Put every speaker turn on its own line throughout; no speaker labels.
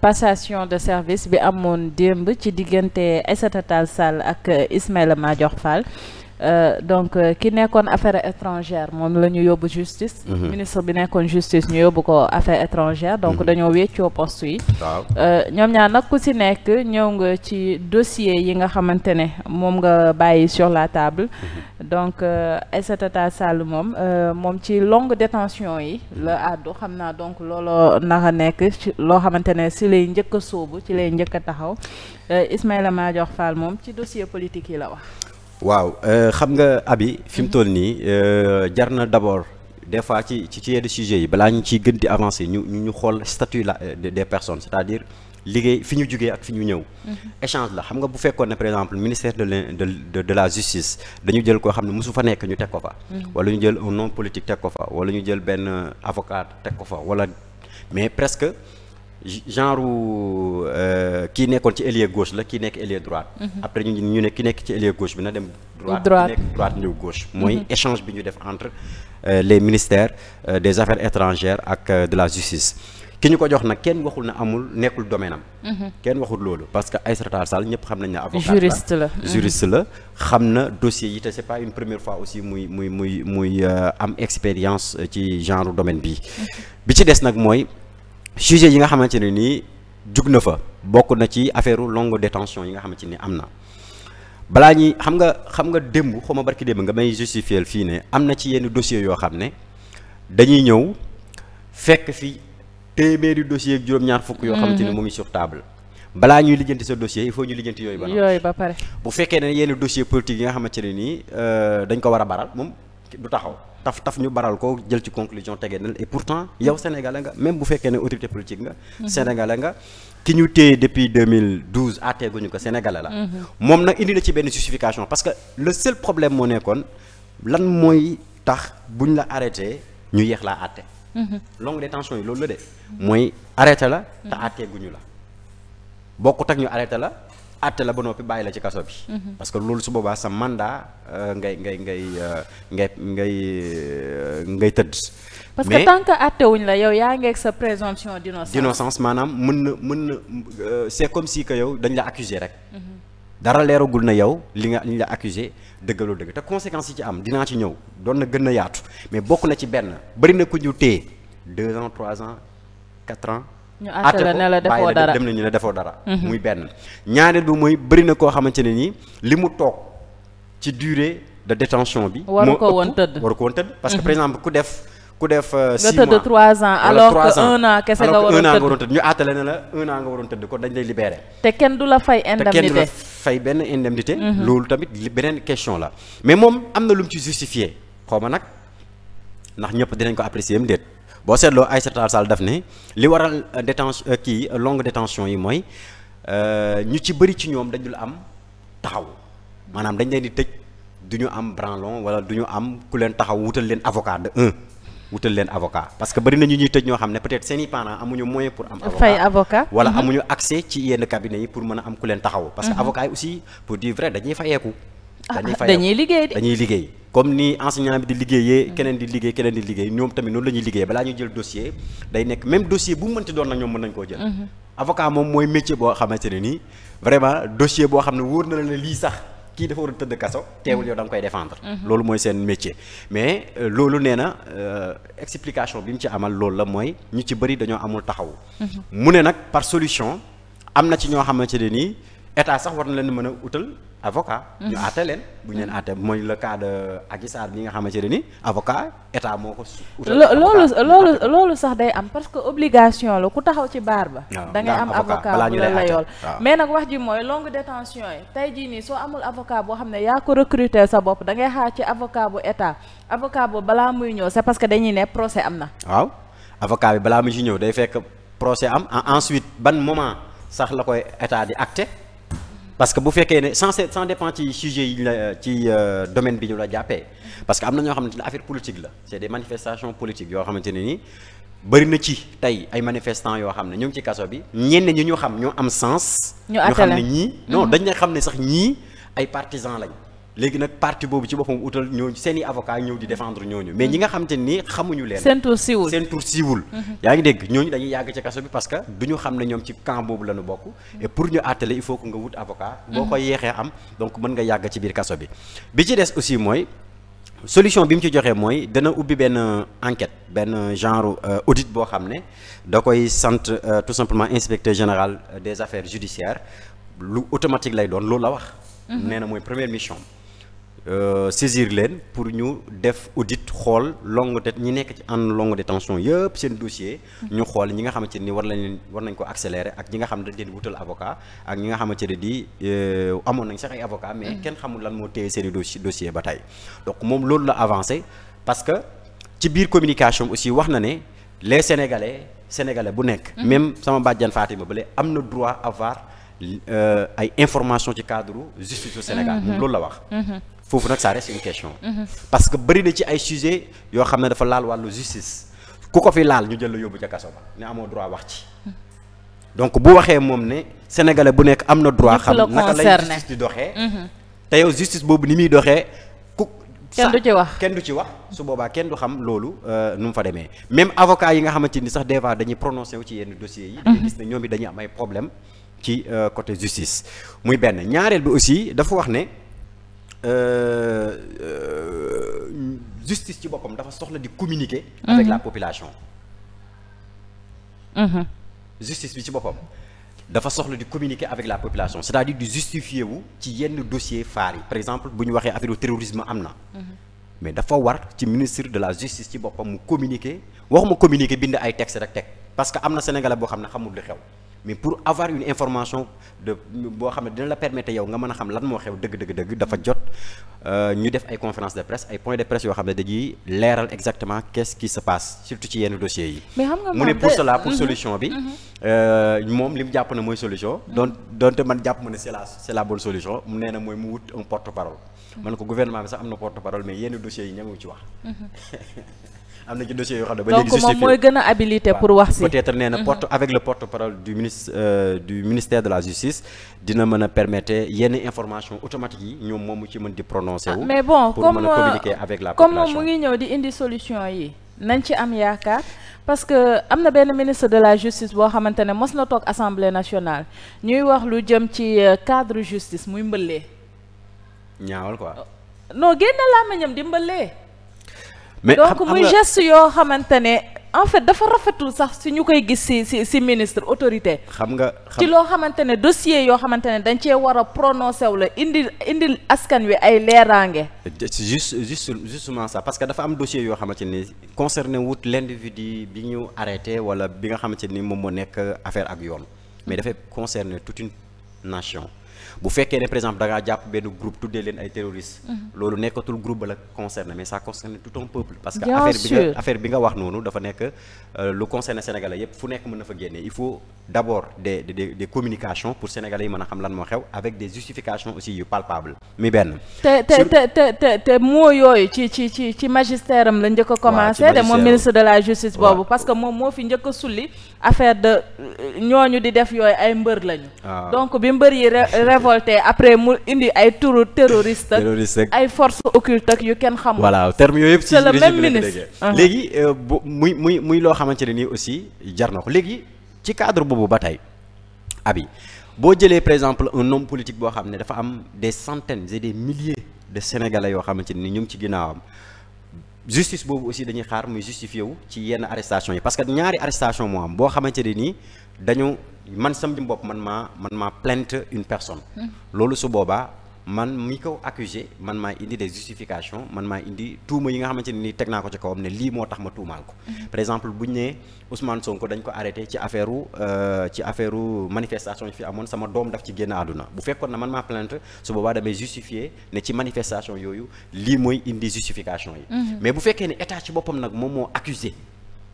passation de service bi amoon démb ci diggante Aïssata Tall Sall ak Ismaïla Madior Fall Euh, donc euh, ki nekkoon affaire étrangère moom la ñu yóbbu justice mhm. ministre bi nekkoon justice ñu yóbbu ko affaire étrangère donc mhm. dañoo wéccoo poste yi euh, ñoom ñaar nag ku si nekk ñëw nga ci dossier yi nga xamante ne moom nga bàyyi sur la table mhm. donc Aïssata Tall Sall moom moom ci longue détention yi la àddu xam naa donc looloo nara nekk ci loo xamante ne si lay njëkk a sóobu ci lay njëkk a taxaw Ismaïla Madior Fall moom ci dossier politique yi la wax
waaw euh, xam nga abi fi mu mhm. toll nii euh, jar na d'abord des fois ci ci ci yenn sujets yi balaa ñu ciy gën di avancer ñu ñu xool statut la euh, des personnes c'est-à-dire liggéey fi ñu jugee ak fi ñu ñëw. Mhm. échange la xam nga bu fekkoon ne par exemple ministère de la de de la justice dañu jël koo xam ne mosu fa nekk ñu teg ko fa. Mhm. wala ñu jël un homme politique teg ko fa wala ñu jël benn avocat teg ko fa wala mais presque. genre euh, kii nekkoon ci ailier gauche la kii nekk ailier droite. Mhm. après ñu ne ki nekk ci ailier gauche bi na dem.
droite droite
mhm. bi ñu def entre euh, les ministères euh, des affaires étrangères ak de la justice. ki ñu ko jox nag kenn waxul na amul nekkul domaine am. Mhm. kenn waxul parce que Aïssata Tall ñëpp xam nañ ne xam na dossier yi te c'est pas une première fois aussi muy muy muy muy am expérience ci genre domaine bi bi ci des nag mooy. sujet yi nga xamante ne nii jug na fa bokk na ci affaire longue détention yi nga xamante ni am na balaa ñi xam nga xam nga démb xaw ma barki démb nga may justifier fii ne am na ci yenn dossiers yoo xam ne dañuy ñëw fekk fi téeméeri dossier ak juróom-ñaar fukk yoo xamante ne mhm. mu ngi sur table balaa ñuy lijjanti sa dossier il faut ñu lijjanti yooyu ba
yooyu ba pare
bu fekkee ne yenn dossier politique yi nga xamante ne nii euh, dañ ko war a baral moom du taxaw taf taf ñu baral ko jël ci conclusion tegee na et pourtant yow sénégalais nga même bu fekkee ne autorité politique nga mhm. sénégalais nga ki ñu téye depuis 2012 àtteeguñu ko sénégalais la mhm. moom nag indi na ci benn justification parce que le seul problème moo nekkoon lan mooy tax bu buñ la arrêté ñu yéex laa àtte mhm. longue détention yi loolu la de mooy arrêté la te àtteeguñu la bokkut ak ñu arrêté la àtte la ba noppi bàyyi la ci kaso bi. Mhm. parce que loolu su boobaa sa mandat euh, ngay ngay ngay euh, ngay ngay euh, ngay tëdd. parce que tant
que àtte wuñ la yow yaa ngi sa présomption d'innocence.
d'innocence maanaam mën na mën na c'est comme si que yow dañ la accuser rek. Mhm. dara leeragul na yow li nga li la accusé dëggaloo dëgg te conséquence yi ci am dinaa ci ñëw doon na gën a yaatu mais bokk na ci benn bari na ku ñu téye deux ans trois ans quatre ans.
ñu àtte la ne la defoo dara dem nañu
ne defoo dara. Mhm. muy benn ñaareel bi mooy bëri na koo xamante ne nii li mu toog ci durée de détention bi. waru ko woon tëdd waru ko parce que mhm. par exemple ku def ku def. 6 euh, mois nga tëdd 3 ans alors que 1 an kese nga waroon tëdd ñu àtte la ne la 1 an nga waroon tëdd kon dañ lay libéré.
te kenn du la fay indemnité
fay benn indemnité. Mhm. loolu tamit beneen question la mais moom am na lu mu ci justifié xaw ma nag ndax ñëpp dinañ ko apprécier mu déet. boo seetloo Aïssata Tall Sall daf ne li waral euh, détention euh, kii euh, longue détention yi mooy ñu ci bëri ci ñoom dañul am taxaw maanaam dañ leen di tëj du ñu am branlon wala du ñu am ku leen taxaw wutal leen avocat de un wutal leen avocat parce que bari na ñuy tëj ñoo xam ne peut-être seeni parents amuñu moyen pour am fay
avocat
wala mhm. amuñu
accès ci yenn cabinet yi pour mën a am ku leen taxaw parce que mhm. avocat yi aussi pour dire vrai dañuy fayeeku
Ah, dañuy fay dañuy liggéey dañuy
liggéey comme ni enseignant bi di liggéeyee keneen di liggéey keneen di liggéey ñoom tamit noonu la liggéey balaa ñuy jël dossier day nekk même dossier bu mu mënti doon nag ñoom mën nañ koo jël mhm. avocat moom mooy métier boo xamante ne nii vraiment dossier boo xam ne wóor na la ne lii sax kii dafa war a tëdd kaso teewul yow da koy défendre mhm. loolu mooy seen métier mais euh, loolu nee na euh, explication bi mu ci amal lool la mooy ñu ci bëri dañoo amul taxawu mhm. mu ne nag par solution am na ci ñoo xamante ne nii état sax war na leen mën a utal avocat. ñu àtte mhm. leen bu ñu leen àtte mooy le cas de Adji bi nga xamante ne ni avocat état moo ko. utal
loolu loolu sax day am parce que obligation la ku taxaw ci baar ba. da ngay am avocat balaa ñu lay yool mais nag wax ji mooy longue détention yi tey jii nii soo amul avocat boo xam ne yaa ko recruter sa bopp dangay ngay xaar ci avocat bu état avocat bu balaa muy ñëw c'est parce que dañuy ne procès am na.
waaw avocat bi balaa mu ci ñëw day fekk procès am ensuite ban moment sax la koy état di acté. parce que bu fekkee ne sans sans dépend ci sujet yi la ci euh, domaine bi ñu la jàppee parce que am na ñoo xamante ne affaire politique la c'est des manifestations politiques yoo xamante ne ni bëri na ci tey ay manifestants yoo xam ne ñu ngi ci kaso bi ñenn ñi ñu xam ñoo am sens. ñu xam ne ñii non mhm. dañ ne xam ne sax ñii ay partisans lañ. léegi nag parti boobu ci boppam utal ñooñu seen i avocat ñëw di défendre ñooñu mais ñi mm. nga xam te ni xamuñu leen seen tur siiwul seen tur siiwul mm-hmm. yaa ngi dégg ñooñu dañuy yàgg ci kaso bi parce que du ñu xam ne ñoom ci camp boobu la ñu bokk mm-hmm. et pour ñu àttale il faut que nga wut avocat boo mm-hmm. ko yeexee am donc mën nga yàgg ci biir kaso bi bi ci des aussi mooy solution bi mu ci joxee mooy dana ubbi benn enquête benn genre euh, audite boo xam ne da koy sant euh, tout simplement général euh, des affaires judiciaires lu automatique lay doon loolu la wax nee na mooy première mission Euh, saisir leen pour ñu def audit xool longue de ñi nekk ci en longue détention yëpp seen dossier. ñu xool ñi nga xamante ni war nañ war nañ ko accélérer ak ñi nga xam dañ leen wutal avocat ak ñi nga xamante ne di euh, amoon nañ sax ay avocat mais mm-hmm. kenn xamul lan moo téye seen dossier dossier ba tey donc moom loolu la avancé parce que ci biir communication aussi wax na ne les sénégalais sénégalais bu nekk. Mm-hmm. même sama bàjjan Fatima Bale am na droit avoir euh, ay information ci cadre justice au Sénégal. moom mm-hmm. loolu la wax. foofu nag ça reste une question. Mhm. parce que bëri na ci ay sujet yoo xam ne dafa laal wàllu justice ku ko fi laal ñu jël la yóbbu ca kaso ba ne amoo droit wax ci. Mhm. donc bu waxee moom ne sénégalais bu nekk am na droit. xam naka lay justice di doxee. Mhm. te yow justice boobu ni muy doxee ku. kenn du ci wax kenn du ci wax su boobaa kenn du xam loolu euh, nu mu fa demee même avocat yi nga xamante ni sax des fois dañuy prononcé wu ci yenn dossiers yi. dañuy gis ne ñoom it dañuy am ay problème ci euh, côté justice. muy benn ñaareel aussi dafa wax ne. Euh, euh, justice ci boppam dafa soxla di communiquer. Mhm. avec la population. Mhm. justice bi ci boppam dafa soxla di communiquer avec la population c'est-à-dire di justifier ci yenn dossier phares yi par exemple bu ñu waxee affaire terrorisme am na. Mhm. mais dafa war ci ministre de la justice ci boppam mu communiquer waxuma communiquer bind ay texte rek teg parce que am na sénégalais boo xam ne xamul lu xew. mais pour avoir une information de boo xam ne dina la permettre yow nga mën a xam lan moo xew dëgg dëgg dëgg dafa jot euh, ñu def ay conférence de presse ay point de presse yoo xam ne dañuy leeral exactement qu'est-ce qui se passe surtout ci yenn dossiers yi. mais
mu ne pour cela pour mhm. solution bi. Mhm.
Euh, moom li mu jàpp na mooy solution. donc mhm. donte man jàpp ma ne c'est la c'est la bonne solution mu mooy mu wut un porte-parole. man ko gouvernement bi sax am na porte-parole mais yenn dossiers yi ña ci wax. am na ci dossier yoo xam ne ba léegi. donc moom mooy gën a pour wax si. peut-être nee mm-hmm. porte avec le porte-parole euh, du ministère de la justice dina mën a permettre yenn information automatique yi ñoom moom mu ci mën di prononcer wu. Ah, mais bon pour mën a euh, communiquer avec la population comme moom mu ngi
ñëw di indi solution yi. nañ ci am yaakaar parce que am na benn ministre de la justice boo xamante ne mos na toog assemblée nationale ñuy wax lu jëm ci euh, cadre justice muy mbëllee ñaawal quoi non génne làmmiñam di mbëllee
mais donc muy geste
yoo xamante ne en fait dafa rafetul sax si ñu koy gis si si ministre autorité.
xam nga ci loo
xamante ne dossier yoo xamante ne dañ cee war a prononcé wu la indi indil askan wi ay leeraange.
juste juste parce que dafa am dossier yoo xamante ni concerné wut l'individu bi ñu arrêté wala bi nga xamante ni moom moo nekk affaire ak yoon mais dafay concerner toute une bu fekkee ne par exemple da ngaa jàpp benn groupe tuddee leen ay terroristes. loolu nekkatul groupe ba la concerné mais ça concerne tout un peuple. parce que affaire bi nga wax noonu dafa nekk euh, lu concerné sénégalais yépp fu nekk mën na fa génnee il faut d'abord des des des communications pour sénégalais yi mën a xam lan moo xew avec des justifications aussi yu palpables mi benn.
te te te te te moo yooyu ci ci ci ci la njëkk a. commencé de moom ministre de la justice que moom moo fi njëkk a sulli. affaire de ñoo ñu di def yooyu ay mbër lañu. Ah. donc bi mbër yi révolté après mu indi ay turu terroriste ak. ay forces occultes ak yu kenn xamul. voilà
terme yooyu yëpp ci le même ministre uh-huh. léegi euh, bu muy muy muy loo xamante ne nii aussi jar na ko léegi ci cadre boobu ba tey abi boo jëlee par exemple un homme politique boo xam ne dafa am des centaines et des milliers de sénégalais yoo xamante ni ñu ngi ci ginnaawam. justice boobu aussi dañuy xaar muy justifié ci yenn arrestation yi parce que ñaari arrestation moo am boo xamante ne nii dañu man sam bopp man maa man maa plainte une personne loolu su boobaa man mi ko accusé man maa indi des justifications man maa indi tuuma yi nga xamante ne nii teg naa ko ci kawam ne lii moo tax ma tuumaal ko. Mm-hmm. par exemple bu ñu nee Ousmane Sonko dañ ko arrêté ci affaire euh, ci affaire manifestation yi fi amoon sama doom daf ci génn àdduna bu fekkoon na man maa plainte su boobaa damay justifier ne ci manifestation yooyu lii mooy indi justification yi. Mm-hmm. mais bu fekkee ne état ci boppam nag moom moo accusé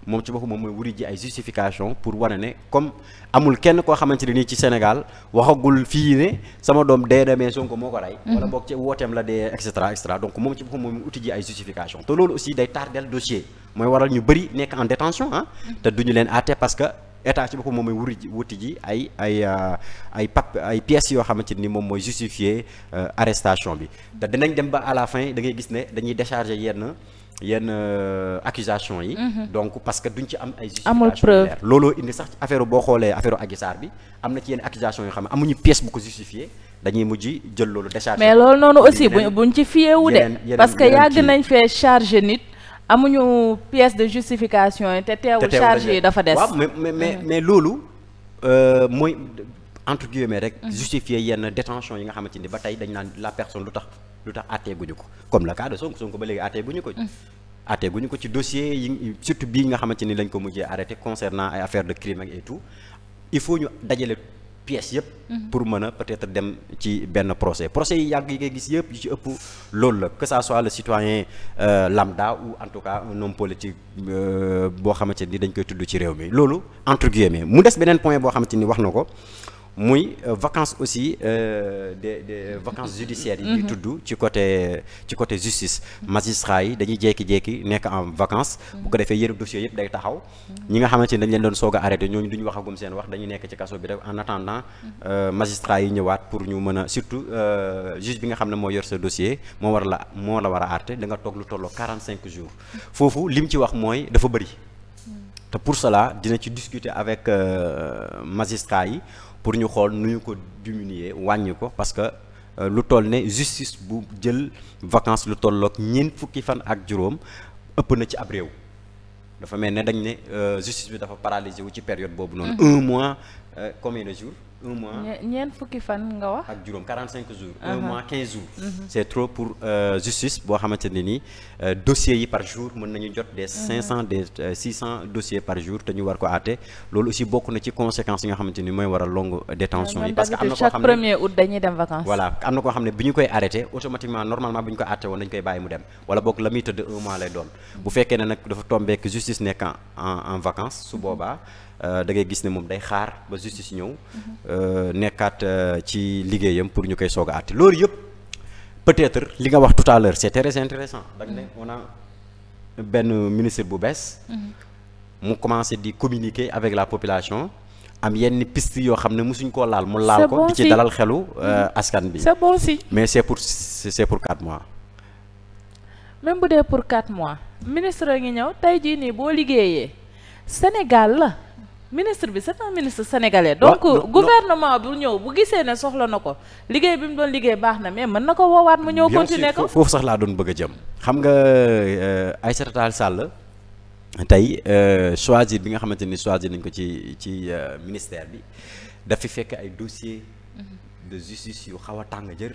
moom ci boppam moom mooy wuri ji ay justification pour wane ne comme amul kenn koo xamante ne nii ci Sénégal waxagul fii ne sama doom dee demee Sonko moo ko rey mhm. wala boog ci wooteem la dee et cetera et moom ci boppam moom ji ay justification te loolu aussi day tardel dossier mooy waral ñu bëri nekk en détention ah te duñu leen àtte parce que état ci boppam moom mooy wuri ji wuti ji ay ay euh, ay pap ay pièces yoo xamante ni moom mooy justifier euh, arrestation bi te dinañ dem ba à la fin da ngay gis ne dañuy décharger yenn yenn euh, accusation yi. Mhm. donc parce que duñ ci am ay. amul preuve justification indi sax affaire boo xoolee affaire Adji bi am na ci yenn accusation yoo xam ne amuñu pièce bu ko justifier dañuy mujj jël loolu mais loolu noonu aussi buñ buñ ci fiyewu de. parce que yàgg nañ
fee chargé nit. amuñu pièce de justification yi te teewul charge yi dafa des. waaw mais mais mais
mhm. mais loolu euh, mooy entre guillemets rek. Mhm. justifier yenn détention yi nga xamante ni ba tey dañ naan la personne lu tax. lu tax àttee ñu ko comme le cas de Sonko Sonko ba léegi àttee guñu ko àttee mm. ñu ko ci dossier yi surtout bii nga xamante ni lañ ko mujjee arrêté concernant ay affaire de crime ak et tout il faut ñu dajale pièces yëpp mm-hmm. pour mën a peut-être dem ci benn procès procès yi yàgg yi ngay gis yëpp yu ci ëpp loolu la que ça soit le citoyen euh, lambda ou en tout cas un homme politique euh, boo xamante ni dañ koy tudd ci réew mi loolu entre guillemets mu des beneen point boo xamante ni wax na ko muy euh, vacance aussi euh, des des vacances judiciaires yi ñuy mhm. tudd ci côté ci côté justice magistrats yi dañuy jékki-jékki nekk en vacances bu ko defee yéen dossiers yëpp day taxaw ñi nga xamante ne dañ leen doon soog a ñooñu duñu waxagum seen wax dañuy nekk ci kaso bi rek en attendant mhm. euh, magistrats yi ñëwaat pour ñu mën a surtout juge bi nga xam ne moo yor sa dossier moo war la moo la war a arrêté da nga toog lu tolloo cinq jours foofu lim ci wax mooy dafa bëri mm. te pour cela dina ci discuter avec magistrats yi pour ñu xool nu ñu ko diminuer wàññi ko parce que euh, lu toll ne justice bu jël vacances lu tollook ñeent fukki fan ak juróom ëpp na ci ab réew dafa mel ne dañ ne euh, justice bi dafa paralysé wu ci période boobu noonu mm-hmm. un mois euh, combien de jours un mois.
ñeent fukki fan nga wax.
ak juróom 45 jours. un mois 15 jours. Mhm. c' trop pour euh, justice boo xamante ne nii euh, dossiers yi par jour mën nañu jot des 500 mhm. des 600 euh, dossiers par jour te ñu war ko àtte loolu aussi bokk na ci conséquences yi nga xamante ni mooy waral longue détention yi. parce que am na koo xam ne chaque premier
août dañuy dem vacances. voilà
am na koo xam ne bi ñu koy arrêté automatiquement normalement bu ñu ko àtte woon dañu koy bàyyi mu dem wala boog la muy tëdd un mois lay doon mhm. bu fekkee su boobaa. Euh, da ngay gis ne moom day xaar ba justice ñëw mhm. euh, nekkaat euh, ci liggéeyam pour ñu koy soog a àtte loolu yëpp peut-être li nga wax tout à l'heure c'est très intéressant da nga ne mhm. on benn ministre bu bees mhm. mu commencé di communiquer avec la population am yenn piste yoo xam ne musuñ koo laal mu laal ko ci dalal xelu askan bi c'est si mais c'est pour c'est pour quatre mois
même bu dee pour quat mois ministre ngi ñëw tey jii nii boo liggéeyee Sénégal la ministre bi c'est un ministre sénégalais. donc gouvernement bu ñëw bu gisee ne soxla na ko liggéey bi mu doon liggéey baax na mais mën na ko woowaat mu ñëw. continuer ko
foofu sax laa doon bëgg a jëm. xam nga euh, Aïssata Tall Sall tey euh, choisir bi nga xamante ni choisir nañ ko ci ci euh, ministère bi dafi fekk ay dossier mhm. de justice yu xaw a tàng jër.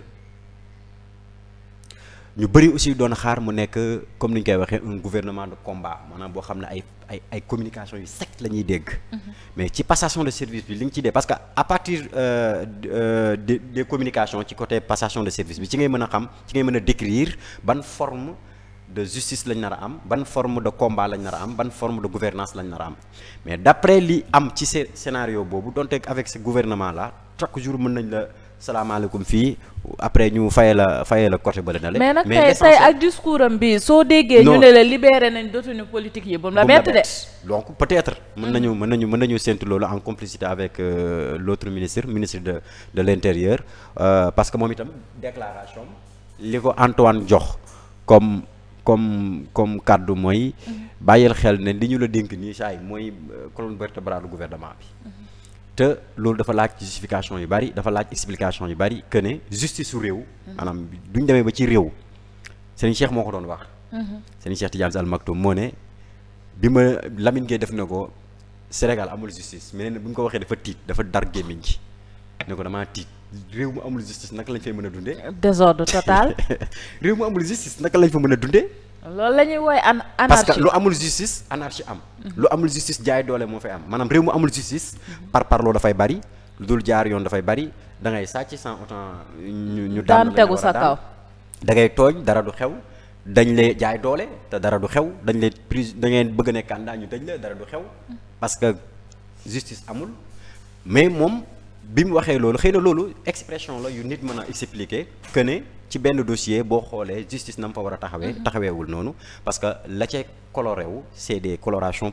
ñu bëri aussi doon xaar mu nekk comme ni ñu koy waxee un gouvernement de combat maanaam boo xam ne ay communication yu sect la ñuy dégg. Mhm. mais ci passation de service bi li ñu ci dee parce que à partir euh, euh, des des ci côté passation de service bi ci ngay mën a xam ci ngay mën a décrire ban forme de justice lañ nar a am ban forme de combat lañ nar a am ban forme de gouvernance lañ nar a am mais d'après li am ci scénario boobu donte avec ce gouvernement la chaque jour mën nañ la. salaamaaleykum fii après ñu fayal la fayee la côté bale na le mais nag tey tey
ak discours bi soo déggee. ñu ne la libéré nañ détenu politique
yi ba mu la bett de. donc peut-être mën mm. nañu mën nañu mën nañu séntu loolu en complicité avec euh, l'autre ministre ministre de de l'intérieur euh, parce que moom itam déclaration li ko Antoine jox comme. comme comme kàddu mooy mm-hmm. bàyyil xel ne li ñu la dénk nii saa yi mooy euh, colonne vertébrale du gouvernement bi mm-hmm. te loolu dafa laaj justification yu bari dafa laaj explication yu bari que ne justice su réew. Mhm. maanaam duñ demee ba ci réew. Serigne Cheikh moo ko doon wax. Mhm. Serigne Cheikh Tidiane Al Maktoum moo ne bi ma Lamine Gueye def na ko Sénégal amul justice mais nee bu ñu ko waxee dafa tiit dafa dar gémmiñ gi ne ko damaa tiit. réew mu amul justice naka lañ fay mën a dundee. désordre total. réew mu amul justice naka lañ fa mën a dundee.
loolu la ñuy wooye an anarchie lu
amul justice anarchie am. lu amul justice jaay doole moo fay am maanaam réew mu amul justice. par mhm. par parloo dafay bari lu dul jaar yoon dafay bari da ngay sàcc sans autant ñu ñu. daan tegu sa kaw da ngay tooñ dara du xew. dañ lay jaay doole te dara du xew dañ lay prise da ngeen bëgg ne ndaa ñu dañ la dara du xew parce que justice amul mais moom bi mu waxee loolu xëy na loolu expression la yu nit mën a expliquer que ci benn dossier boo xoolee justice na mu fa war a taxawee mhm. taxaweewul noonu parce que la ca coloré wu c' est des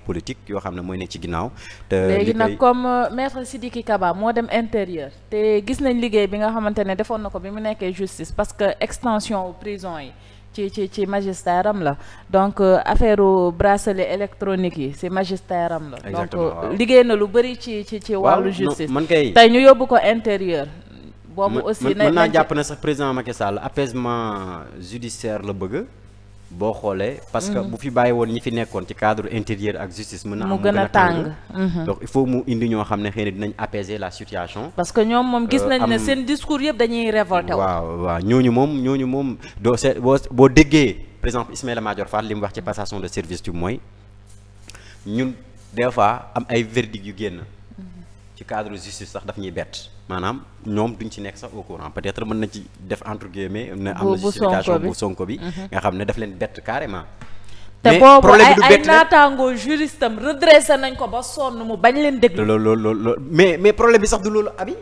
politiques yoo xam ne mooy ne ci ginnaaw te léegi nag
comme euh, maître Sidiki Kaba moo dem intérieur te gis nañ liggéey bi nga xamante ne defoon na ko bi mu nekkee justice parce que extension prison yi ci ci ci magistère am la donc euh, affaire bracelet électronique yi si magistère am la donc liggéey na lu bëri ci ci ci wàllu justice tey ñu yóbbu ko intérieur boobu aussi mën naa jàpp
na sax président Macky Sall apaisement judiciaire la bëgg boo xoolee. parce que mhm. bu fi bàyyi woon ñi fi nekkoon ci cadre intérieur ak justice. mën na am mu gën a tàng mhm. donc il faut mu indi ñoo xam ne xëy na dinañ apaiser la situation.
parce que ñoom moom gis euh, nañ ne seen discours yëpp dañuy révolté wu.
waaw waaw ñooñu moom ñooñu moom doo seet boo boo déggee par exemple Ismaïla Madior Fall li mu wax ci passation de service bi mooy ñun des fois am ay verdict yu génn. ci cadre justice sax daf ñuy bett maanaam ñoom duñ ci nekk sax au courant peut-être mën na ci def entre guillemets na am na justification bu sonko bi mhm. nga xam ne daf leen bett carrément te boobu ay ay
naataangoo juriste am nañ ko ba sonn mu bañ leen
déglu. loolu loolu mais mais problème bi sax du loolu abi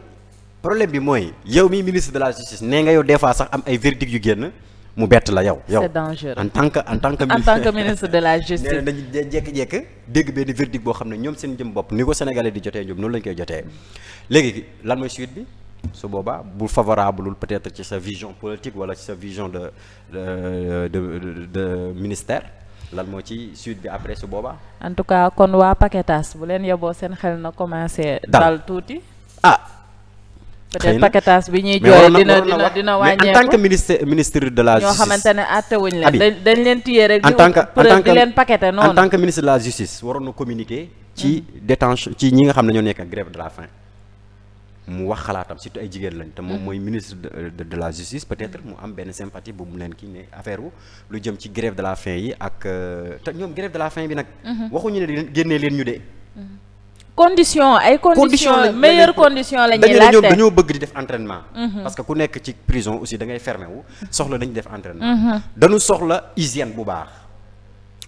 problème bi mooy yow mi ministre de la justice nee nga yow des sax am ay verdict yu génn mu bett la yow. yow c'est dangereux en tant que en tant que. en tant que ministre de la justice. nee na dañuy jékki dégg benn verdict boo xam ne ñoom seen jëm bopp ni ko sénégalais di jotee ñoom noonu lañ koy jotee léegi lan mooy suite bi. su boobaa bu favorable peut-être ci sa vision politique wala ci sa vision de de de de ministère lan moo ci suite bi après su booba
en tout cas kon waa Paquetas bu leen yeboo seen xel na commencé. dal
tuuti ah.
peut-être paquetage bi ñuy jooy dina dina dina wàññeeku
ministre de la. justice ñoo xamante
ne àttewuñ leen. dañ leen téye rek.
la justice waroon na communiquer. ci mm. détention ci ñoo nekk grève de la faim. mu wax xalaatam surtout ay jigéen lañ te moom mm. mooy ministre de la justice peut-être mu am benn sympathie bu mu leen kii ne affaire wu lu jëm ci grève de la faim yi ak euh, te ñoom grève de la faim bi nag. Mm-hmm. waxuñu ne génnee leen ñu dee.
Mm-hmm. condition ay condition meilleure condition la ñuy laajte dañu dañoo
bëgg di def mhm. parce que ku nekk ci prison aussi da ngay fermé soxla dañu def entraînement mhm. dañu soxla hygiène bu baax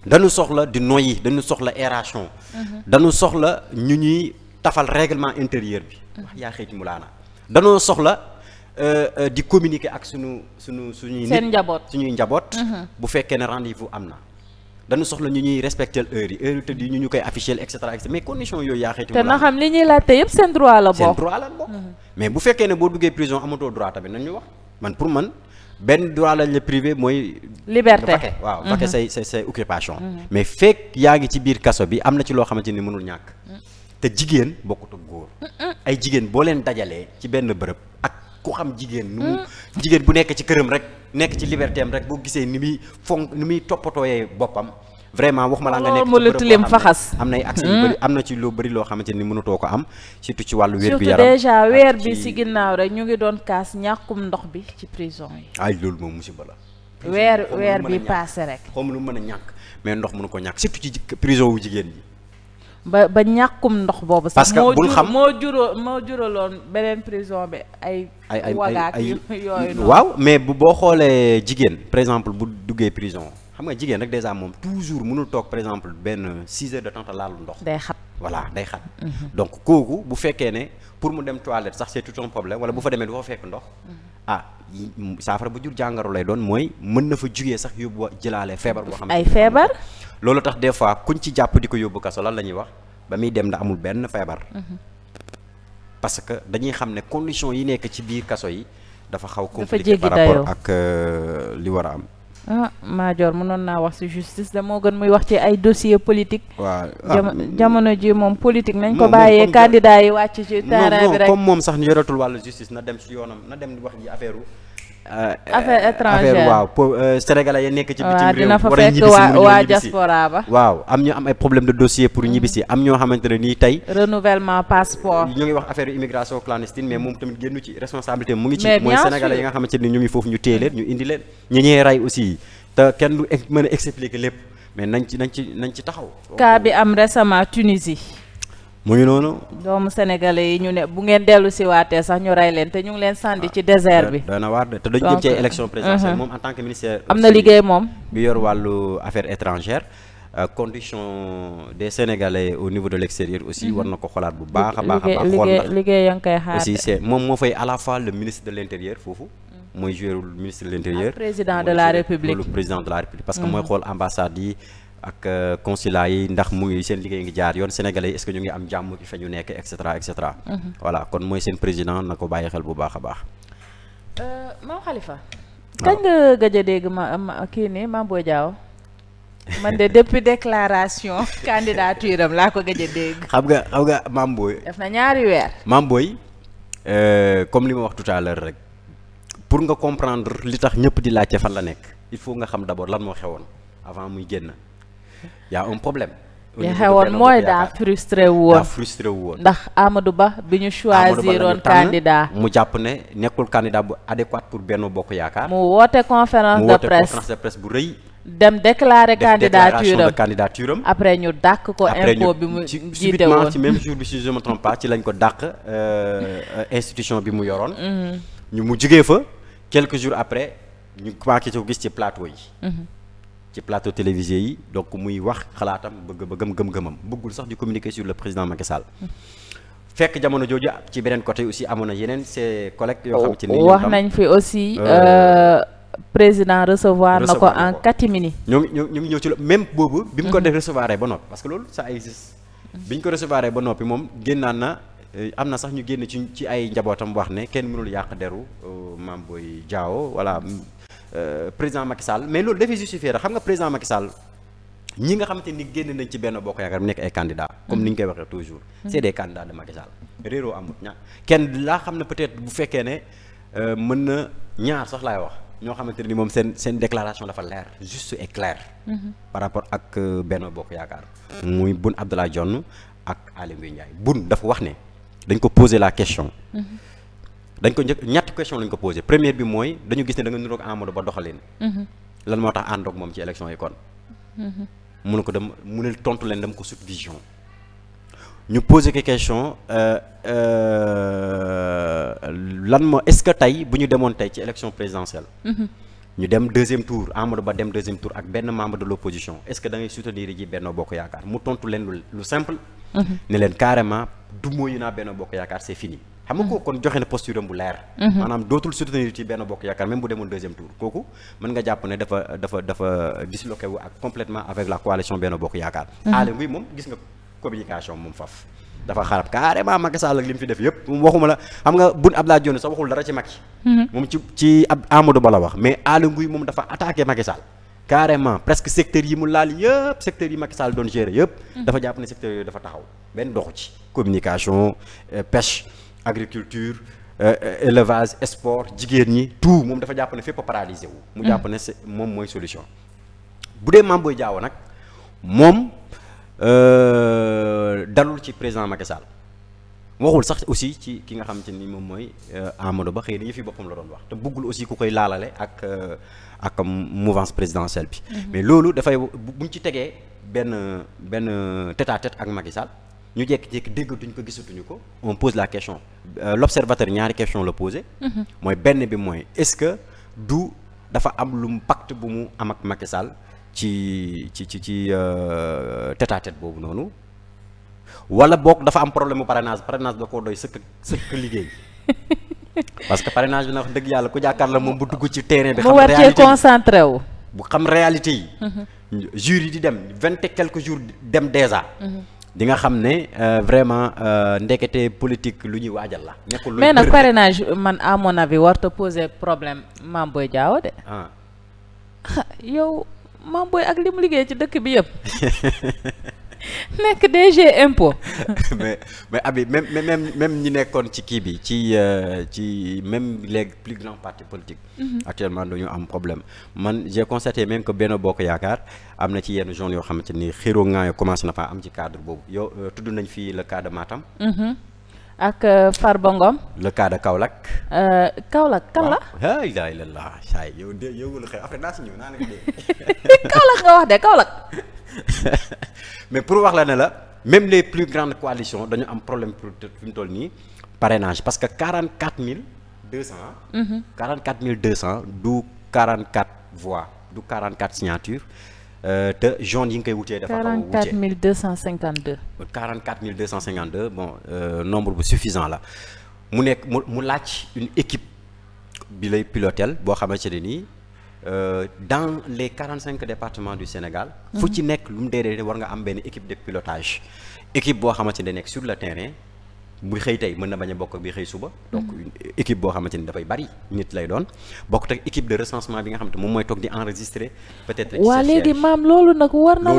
dañu soxla di noyyi dañu soxla aération mhm. dañu soxla ñu ñuy tafal réglement intérieur bi wax yaa xëy ci mu laana dañoo soxla euh, euh, di communiqué ak suñu suñu suñuy nit suñuy njaboot bu fekkee ne rendez-vous am na dañu soxla ñu ñuy respecter heure yi heure yu tëdd yi ñu ñu koy affiché et cetera et cetera mais condition yooyu yaa xeeti te na
xam li ñuy laajte yëpp seen droit la bokk
mhm. mais bu fekkee ne boo duggee prison amatoo droit tamit nañu wax man pour man benn droit lañ la privé mooy liberté waaw vaquer mhm. say say say occupation mhm. mais fekk yaa ngi ci biir kaso bi am na ci loo xamante ni mënul ñàkk te jigéen bokkut ak góor ay jigéen boo leen dajalee ci benn bërëb ak boo xam jigéen nu hmm. mu jigéen bu nekk ci këram rek nekk ci liberté rek boo gisee ni muy fonk ni muy toppatooyee boppam vraiment wax ma laa nga nekk ci lëtëleem faxas am nay accès yu hmm. bëri am na ci lu bëri loo xamante ni mënutoo ko am surtout ci wàllu wér bi yaram surtout déjà weer bi si
ginnaaw rek ñu ngi doon kaas ñàkkum ndox bi ci prison yi
ay loolu moom musiba la weer weer bi paase rek xaw ma lu mën a ñàkk mais ndox mënu ko ñàkk surtout ci prison wu jigéen ñi ba ba ñàkkum ndox boobu. parce que xam
moo juró moo juraloon beneen prison bi ay. ay ay wagaak yooyu noonu waaw
mais bu boo xoolee jigéen par exemple bu duggee prison xam nga jigéen rek déjà moom toujours mënul toog par exemple benn six heures de temps te ndox. day xat voilà day xat. Mhm. donc kooku bu fekkee ne pour mu dem toilette sax c'est tout un problème wala bu fa demee du fa fekk ndox. Mhm. ah saafara bu jur jàngaro lay doon mooy mën na fa jugee sax yóbbu jëlaale feebar boo xam ne ay feebar. loolu tax des fois kuñ ci jàpp di ko yóbbu kaso lan la ñuy wax ba muy dem da amul benn feebar. parce que dañuy xam ne condition yi nekk ci biir kaso yi. dafa xaw compliqué par rapport ak euh, li war a am.
ah Madior mënoon naa wax ci justice da moo gën muy wax ci ay dossier politique.
waaw ah, mm.
jamono ji moom politique nañ ko bàyyee candidat yi wàcc ci terrain bi rek. comme moom
sax ñu yoratul wàllu justice na dem si yoonam na dem di wax ji affaire Euh, affaire euh, étrangère waaw euh, sénégalais ya nekk ci bitim réew war a waa waa ba waaw am ñu am ay problème de dossier pour mm-hmm. ñibbisi am ñoo xamante ne nii tey renouvellement passeport ñu ngi wax affaire immigration clandestine mais moom tamit génnu ci responsabilité mu ngi ci mooy sénégalais yi nga xamante ni ñu ngi foofu ñu téye leen ñu indi leen ñu ñee rey aussi te kenn du mën a expliquer lépp mais nañ ci nañ ci nañ ci taxaw cas
bi am récemment Tunisie mu ngi noonu. doomu sénégalais yi ñu ne bu ngeen dellu si waatee sax ñu rey leen te ñu ngi leen sànni ci désert bi.
doy na waar de te dañu jëm ci élection uh-huh. présidentielle moom en tant que ministère. am na liggéey moom. bi yor wàllu affaires étrangères. Euh, condition des sénégalais au niveau de l'extérieur aussi mm-hmm. war na ko xolaat bu baax a baax a baax xool
liggéey yaa ngi
moom moo fay à la fois le ministre de l'intérieur foofu mm-hmm. mooy jouer le ministre de l'intérieur président la république que mm-hmm. mooy xool ambassade yi ak euh, consulat yi ndax mu seen liggéey ngi jaar yoon sénégalais yi est-ce que ñu ngi am jàmm fi ñu nekk et cetera et mm-hmm. voilà kon mooy seen président na ko bàyyi xel bu baax a baax.
Euh, Mame Khalifa. kañ nga gëj dégg ma ma kii nii Mame Boye man de depuis déclaration candidature am laa ko gëj dégg.
xam nga xam nga Mame Boye. def
na ñaari weer.
Mame Boye euh, comme li ma wax tout à rek pour nga comprendre li tax ñëpp di laajte fan la nekk il faut nga xam d'abord lan moo xewoon avant muy génn. y a un problème. li xewoon mooy daa frustré woon ndax
Amadou Ba bi ñu choisir woon candidat
mu jàpp ne nekkul candidat bu adéquat pour benn Bokk Yaakaar. mu
woote conférence de presse mu
de presse bu rëy.
dem déclarer candidature après ñu dàq ko impôt bi mu jiite woon ci même jour
bi si je me trompe pas ci lañ ko dàq euh, institution bi mu yoroon. Mhm. ñu mu jugee fa quelque jour après ñu commencé ko gis ci plateau yi. Mhm. ci plateau télévisé yi donc muy wax xalaatam bëgg bëggam gëm-gëmam bëggul sax di communiquer sur le président Macky fekk jamono jooju ci beneen côté aussi amoon na yeneen ses collègues yoo xam ci ni wax nañ
fi aussi euh, euh, président recevoir na ko en catimini
ñoo ngi ñoo ñëw ci même boobu bi mu ko mm-hmm. def recevoir ba noppi parce que loolu ça existe bi ñu ko recevoir ba noppi moom génnaan na euh, am na sax ñu génn ci ci ay njabootam wax ne kenn mënul yàq deru maam booy Diao voilà Euh, président Macky Sall mais loolu dafay justifier rek xam nga président Macky Sall ñi nga xam xamante ni génn nañ ci benn bokk yaakaar nekk ay candidats comme ni ñu koy waxee toujours mm-hmm. c'est des candidats de Macky Sall réeroo amut ñaa kenn laa xam ne peut-être bu fekkee ne euh, mën na ñaar sax laay wax ñoo xamante ni moom seen seen déclaration dafa leer juste et clair mm-hmm. par rapport ak euh, benn bokk yaakaar muy Boun Abdallah Dionne ak Aly Ngouille Ndiaye Boun dafa wax ne dañ ko poser la question mm-hmm. dañ ko njëkk ñetti question lañ ko posé première bi mooy dañu gis ne da nga niroog Ba doxalin. Mhm. lan moo tax àndoog moom ci élection yi kon. Mhm. mu ne ko dem mu ne tontu leen dem ko subvision ñu posé ko question euh, euh, lan moo que tey bu ñu demoon tey ci élection présidentielle. Mhm. ñu dem deuxième tour Amadou Ba dem deuxième tour ak benn membre de l'opposition est-ce que da ngay soutenir ji Benno Bokk Yaakaar mu tontu leen lu lu simple. ne leen carrément du mooyu naa Benno Bokk Yaakaar c'est fini. xam nga kooku kon joxe na posture bu leer. Mhm. maanaam dootul soutenir ci benn bokk yaakaar même bu demoon deuxième tour kooku mën nga jàpp ne dafa dafa dafa disloqué wu ak complètement avec la coalition benn bokk yaakaar. Mhm. Aly Ngouille moom gis nga communication moom faf dafa xarab carrément Macky Sall ak li mu fi def yëpp moom waxuma la xam nga Boun Abdallah Dionne sa waxul dara ci Macky. Mhm. moom ci ci ab Amadou Ba la wax mais Aly Ngouille moom dafa attaqué Macky Sall. carrément presque secteur yi mu laal yëpp secteur yi Macky Sall doon gérer yëpp. dafa jàpp ne secteur yooyu dafa taxaw benn doxu ci communication euh, pêche. agriculture euh, élevage sport jigéen ñi tout moom dafa jàpp ne fépp a wu. mu jàpp ne c'est moom mooy solution. bu dee Mame booy Diao nag moom euh, dalul ci président Macky Sall waxul sax aussi ci ki nga xam te ni moom mooy euh, Amadou Ba xëy na fi boppam la doon wax te bëggul aussi ku koy laalale ak ak mouvance présidentielle bi. Mm-hmm. mais loolu dafay buñ ci tegee benn benn tête ak Macky ñu jékki-jékki dégg ko gisatuñu ko on pose la question euh, l'observateur ñaari question la posé mm-hmm. mooy benn bi mooy est-ce que du dafa am lu mu pacte bu mu am ak Macky Sall ci ci ci ci euh, tête à boobu noonu wala boog dafa am problème mu parrainage parrainage da koo doy sëkk sëkk liggéey parce que parrainage bi na wax dëgg yàlla ku jàkkaar la moom bu dugg ci terrain bi. xam réalité mu war cee concentré wu. bu réalité yi.
Mm-hmm.
jur yi di dem vingt quelque quelques jours dem déjà. Mm-hmm. di nga xam ne euh, vraiment euh, ndekete politique lu ñuy waajal la. nekkul lu mais nag
parrainage man à mon bi warut a problème maam Boye Diao de. ah yow Mame Boye ak li mu liggéey ci dëkk bi yëpp. nekk DG impôt.
mais mais abi même même même ñi nekkoon ci kii bi ci euh, ci même les plus grands partis politiques. Mhm. actuellement dañu am problème man j'ai constaté même ko benn Bokk Yaakaar am na ci yenn zone yoo xamante ni xiroo ŋaayoo commencé na faa am ci cadre boobu yow euh, tudd nañ fii le cas de Matam.
Mhm. ak euh, Farba Ngom.
le cas de Kaolack. Kaolack la. ah ilaha illallah saa yow de yow nga nga
wax de Kaolack.
mais pour wax la ne la même les plus grandes coalitions dañu am problème pour fi mu toll nii parrainage parce que 44 200. Mm -hmm. 44 200 du 44 voix du 44 signatures euh, te jaune yi nga koy wutee dafa xaw a wutee 44
252.
44 252 bon euh, nombre bu suffisant la mu nekk mu mu laaj une équipe bi lay pilotel boo xamante ne nii. Euh, dans les quarante cinq départements du Sénégal. fu ci nekk lu mu dee war nga am benn équipe de pilotage équipe boo xamante ne nekk sur le terrain. bu xëy tey mën na bañ bokk suba donc mm-hmm. une équipe ni dafay bari nit lay doon bokkut ak équipe de recensement bi nga xamante moom mooy toog di enregistrer peut-être waa léegi
maam loolu nag war na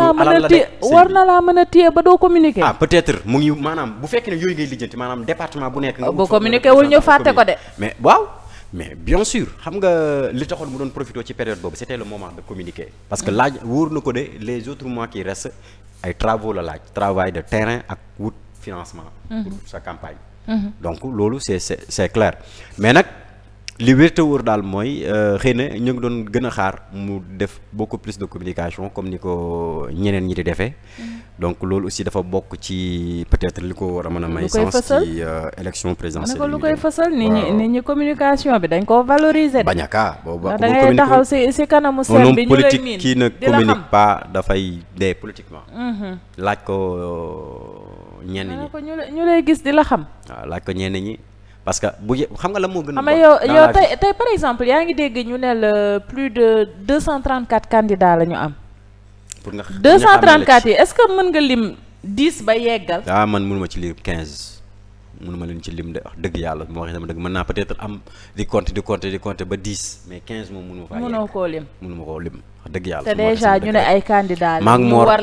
laa mën a téye ba doo communiquer ah
peut-être mu ngi maanaam bu fekkee ne yooyu ngay lijjanti maanaam département bu nekk oh, bu communiquer wul ñu fàtte ko de mais waaw mais bien sûr xam nga li taxoon mu doon profité ci période boobu c'était le moment de communiquer. parce que laaj wóor na ko de les autres mois qui restent ay travaux la laaj travail de terrain ak wut financement. Mhm. pour sa campagne. Mhm. donc loolu c'est c'est clair mais nag. li wér daal mooy euh, xëy na ñu ngi doon gën a xaar mu def beaucoup plus de communication comme ni ko ñeneen ñi di defee mm-hmm. donc loolu aussi dafa bokk ci peut-être li ko war a mën a may sens ci euh, élection présidentielle bi
lu koy fësal nit ñi nit ñi communication bi dañ koo valoriser bañ a kaa
boobu da ngay taxaw si
si kanamu seen bi ñu lay miin politique kii
dafay dee politiquement mm-hmm. laaj ko euh, ñenn
ñi ñu gis di la xam
waaw laaj ko ñenn ñi parce que bu xam nga la moo gën a. Ah, yow yow
tey par exemple yaa ngi dégg ñu ne la plus de 234 candidats la ñu am.
pour nga 234
yi est-ce que mën nga lim 10 ba yeggal.
ah man mënuma ci lim 15 mënuma leen ci lim de wax dëgg yàlla moo ma waxee sama dëgg mën naa peut-être am di compter di compter di compter ba 10 mais 15 moom mënuma faa yegg. mënoo koo lim mënuma koo lim dëgg yàlla. te déjà ñu
ne ay candidats. maa ngi war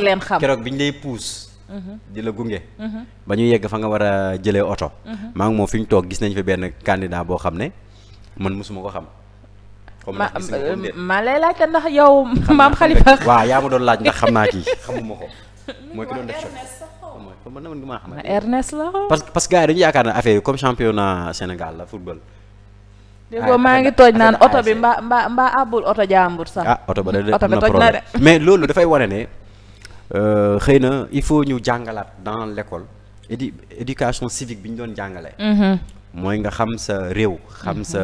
di la gunge. Mhm.
ba ñu yegg fa nga war a jëlee oto. Mhm. maa ngi moom fi ñu toog gis nañ fi benn candidat boo xam ne man mosuma ko xam. ma euh,
ma lay laaj ndax yow maam Khalifa.
waaw yaa ma doon laaj ndax xam naa kii xamuma ko. mooy ki doon def man
que
parce que yaakaar ne affaire yi comme championnat Sénégal la football. déggoo maa ngi tooj naan oto
bi mbaa mbaa àbbul oto jàmbur sax. ah oto ba da oto bi toj na de
mais loolu dafay wane ne. Euh, xëy na il faut ñu jàngalaat dans lekkool édi éducation civique bi ñu doon jàngale mm-hmm. mooy nga xam sa réew xam mm-hmm. sa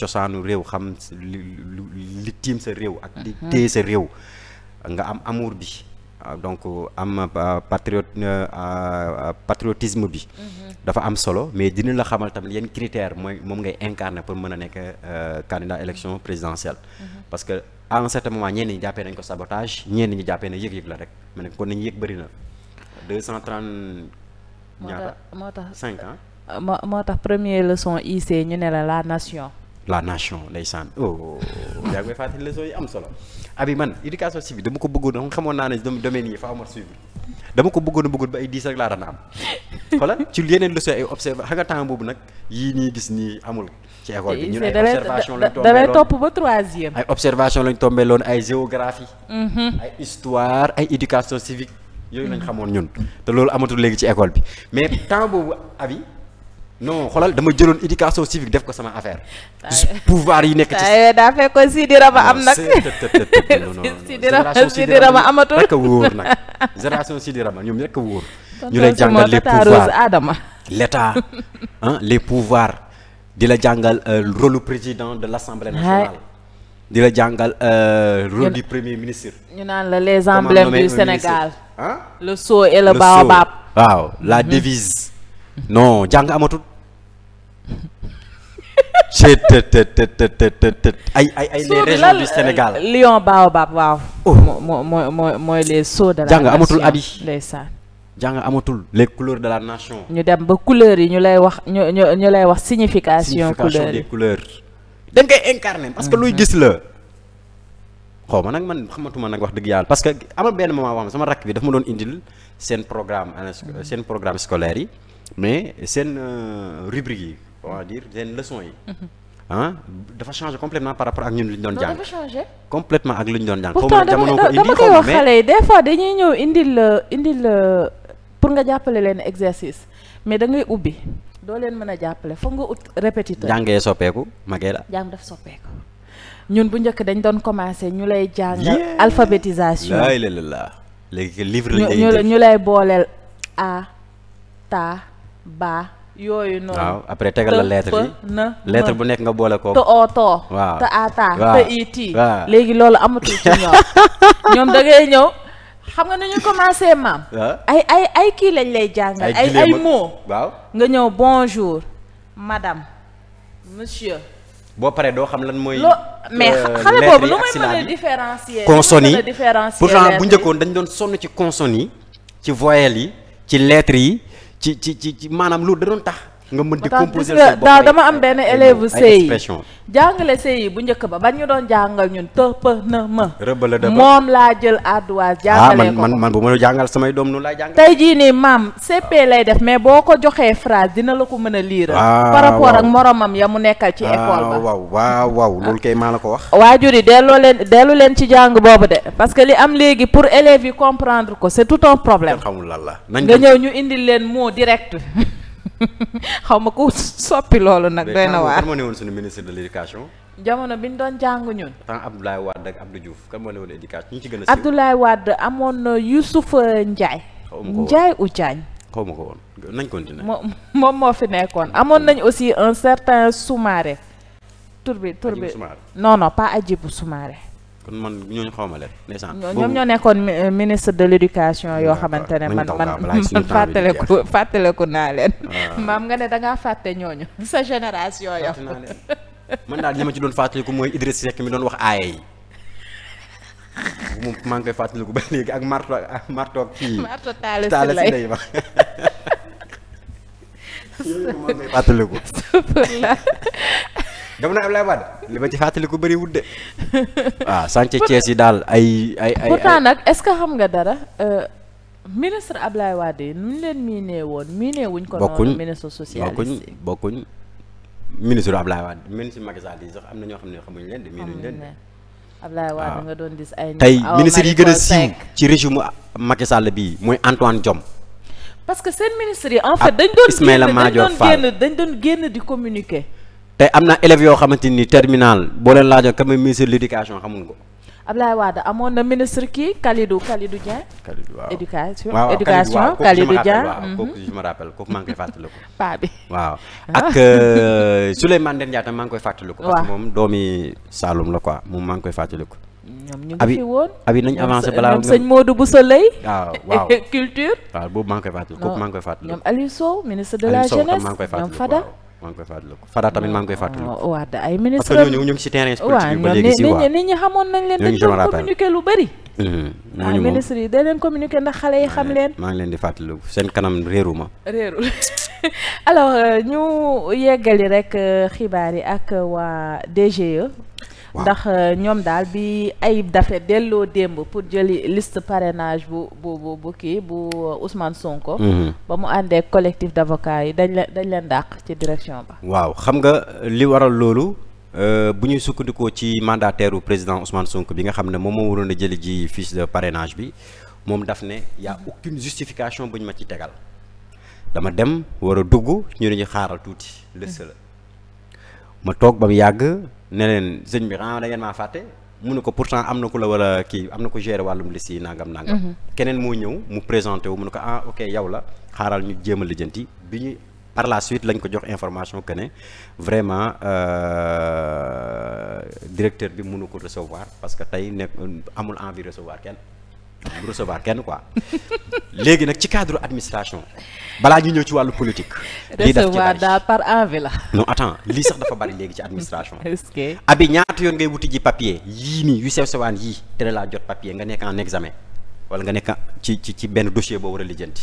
cosaanu réew xam li tiim sa réew ak li mm-hmm. téye sa réew nga am amour bi ah, donc am patriot euh, patriotisme bi dafa am solo mais dina la xamal tamit yenn critère mooy moom ngay incarner pour mën a nekk euh, candidat élection présidentielle parce à un moment ñenn ñi jàppee nañ ko sabotage ñenn ñi jàppee na yëg-yëg la rek ma ne kon nañu yëg bëri na cent trente moo tax cinq ans
moo moo tax première leçon IC ñu ne la la nation
la nation ndeysaan oh, oh, oh, oh. yaa ngi koy fàttali leçon yi am solo abi man éducation civique dama ko bëggoon xamoon naa ne domaine yi faaw ma suivre dama ko bëggoon a bëggoon ba ay diis rek laa daan am xoolal ci yeneen leçon ay observe xam nga temps boobu nag yii nii gis nii amul ci école bi ñun ay observation lañ tombé loon topp ba troisième. ay observation lañ tombé loon ay géographie. Mm-hmm. ay ay éducation civique. yooyu lañ xamoon ñun te loolu amatul léegi ci école bi mais temps boobu abi non xoolal dama jëloon éducation civique def ko sama affaire. pouvoir yi nekk ci. waaye daa fekk si dira ba am nag. si dira si dira amatul rek a wóor nag génération si dira ba ñoom rek a wóor. ñu lay jàngal les pouvoirs l' les pouvoirs. di la jàngal euh, rôle président de l' assemblée di la jàngal euh, rôle du premier ministre.
ñu naan la les emblèmes du Sénégal. ah le sceau et le baobab.
waaw la mhm. devise. non jàng amatul. c'est te te te te ay ay ay du Sénégal. Euh,
lion baobab waaw. mooy oh. mooy mooy les sceaux de la nation jàng amatul abi. ndeysaan.
jàng amatul les couleurs de la nation.
ñu dem ba couleurs yi ñu lay wax ñu ñu lay wax signification. couleurs des
couleurs. da nga koy parce que luy mm-hmm. gis la. xaw ma nag man xamatuma nag wax dëgg yàlla parce que amal benn moment boo xam sama rakk bi dafa ma doon indil seen programme euh, mm-hmm. seen programme scolaire yi mais seen euh, rubrique yi on va dire seen leçon yi.
Mm-hmm.
ah dafa changé complètement par rapport ak ñun li doon jàng. dafa changé ak li ñu doon jàng. xaw ma jamono dama koy wax xale
pour nga jàppale leen exercice mais da ngay ubbi doo leen mën a jàppale foog nga ut répétiteur. jàngee
soppeeku magee la.
jàng def soppeeku ñun bu njëkk dañ doon commencé ñu lay jàngal. alphabétisation laay
la léegi livre la ñu ñu
lay booleel a ta ba yooyu
noonu. après tegal la lettre na lettre bu nekk nga boole ko. te waaw te aataa. waaw te
léegi loolu amatul
ci ñoom
ñoom ñëw. xam nga nañu commencé maam. ay ay ay kii lañ lay jàngal. ay ay mots waaw. nga ñëw bonjour madame monsieur.
boo paree doo xam lan mooy. loo mais euh, xale boobu lu may mën a
différencier. consonne yi pourtant bu njëkkoon
dañu doon sonn ci consonne yi ci voyelle yi ci lettres yi ci ci ci maanaam lu da doon tax. nga mën di composer daaw dama am benn élève sëy
jàngale sëy yi bu njëkk ba bañ ñu doon jàngal ñun të
pa na ma moom
laa jël ardoise ah, jàngale ko
man man bu ma jàngal samay doom noonu laay jàngal
tey jii nii maam CP lay def mais boo ko joxee phrase dina la ko mën a lire ah, par rapport ak moromam ya mu nekkal ci ah, école ba
waaw waaw waaw loolu kay maa la ko wax
waajur yi delloo leen dellu leen ci jàng boobu de parce que li am léegi pour élèves yi comprendre ko c'est tout un problème lan
la nga ñëw
ñu indil leen mot direct xaw ma ko soppi loolu nag. doy na waar mais kan
moo ne woon suñu ministre de l'
jamono bi ñu doon jàng ñun.
temps Abdoulaye Wade ak Abdou Diouf kan moo ñu ci gën
a. amoon na Youssouf Ndiaye. xaw ma ko woon Ndiaye
xaw ma ko woon nañ continuer.
moom moo fi nekkoon amoon nañ aussi un certain Soumaré. tur bi tur bi non pas Hadjibou Soumaré.
kon man ñooñu xaw ma leen. ndeysaan ñoom ñoo
nekkoon euh, ministre de l' yoo xamante ne man man man fàttaleku fàttaleku naa leen. maam nga ne da ngaa fàtte ñooñu sa génération yo
man daal li ma ci doon fàttaliku mooy Idriss Seck mi doon wax aaye yi. moom maa ngi koy fàttaliku ba léegi ak marto ak marto ak kii. marto taale si lay ba. yooyu moom ngay fàttaliku. jamono Abdoulaye waat li ma ci fàttali ko bëri wut de waaw ah, sànq Thiès yi daal ay ay ay pourtant
nag est-ce que xam nga dara euh, ministre Abdoulaye Wade yi nu ñu leen miinee woon miinee wuñ ko noonu ministre socialiste bokkuñ
bokkuñ ministre Abdoulaye Wade ministre Macky Sall yi sax am na ñoo xam ne xamuñu leen de miinuñu leen de Abdoulaye Wade ah. nga doon gis ay tey ministre yi gën a siiw ci régime Macky Sall bii mooy Antoine Diome
parce que seen ministre yi en ah, fait dañ doon génn dañ doon génn di communiqué
tey am na élèves yoo xamante ni terminal boo leen laajoon quand même ministre de l' éducation xamuñ ko.
Abdoulaye Wade amoon na ministre kii Kalidou Kalidou Dieng. Kalidou waaw éducation éducation Kalidou Dieng waaw kooku
je me rappelle kooku maa ngi koy fàttaliku. paa bi waaw ah. ak euh, Souleymane Ndéné Ndiaye maa ngi koy fàttaliku. waaw parce que moom doomi Saloum la moom maa ngi koy fàttaliku. ñoom ñu ngi fi woon abi nañ avancé balaa ñoom sëñ
Modou Bousso Leye. Ah, waaw waaw culture.
waaw boobu maa ngi koy fàttaliku kooku maa ngi koy fàttaliku. ñoom
Aliou Sow ministre de la jeunesse ñoom Fada.
maa ngi koy fàttaliku Fada tamit maa ngi koy fàttaliku. Oh, oh,
waa da ay ministre parce que ñooñu ñu ngi si terrain lu bëri
mm-hmm. ah, ministre
yi dañ leen communiqué ndax xale yi xam eh, leen
maa ngi leen di fàttaliku seen kanam réeru ma
réeru alors euh, ñu yeggali rek euh, xibaar yi ak waa DGE ndax euh, ñoom daal bi Ayib Daffé delloo démb pour jëli liste parrainage bu bu bu bu kii bu euh, mhm. ba mu àndee collectif d' avocats yi dañ leen dañ leen dàq ci direction ba.
waaw
xam nga li waral loolu. Euh, bu ñuy sukkandikoo ci mandataire président Ousmane Sonko bi nga xam ne moom moo waroon a jëli ji fiche de parrainage bi moom daf ne y' a mhm. aucune justification bu ñu ma ci tegal dama dem war a dugg ñu ne xaaral tuuti lës la mhm. ma toog ba yàgg. ne leen sëñ bi xanaa ah, da ngeen fàtte mu ne ko pourtant am na ko la wala kii am na ko gérer wàllum liste yi nangam nangam. Mhm. keneen moo ñëw mu présenté wu mun a ko ah ok yow la xaaral ñu jéem a lijjanti bi ñu par la suite lañ ko jox information que ne vraiment euh, directeur bi mënu ko recevoir parce que tey nekk amul envie recevoir kenn. bu recevoir kenn quoi léegi nag ci cadre administration balaa ñu ñëw ci wàllu politique. lii recevoir
daal par avis la.
non attends lii sax dafa bari léegi ci administration. est-ce que abi ñaata yoon ngay wuti ji papier yii nii yu sew sewaan yii tere laa jot papier nga nekk en examen. wala nga nekk ci ci benn dossier boo war a lijjanti.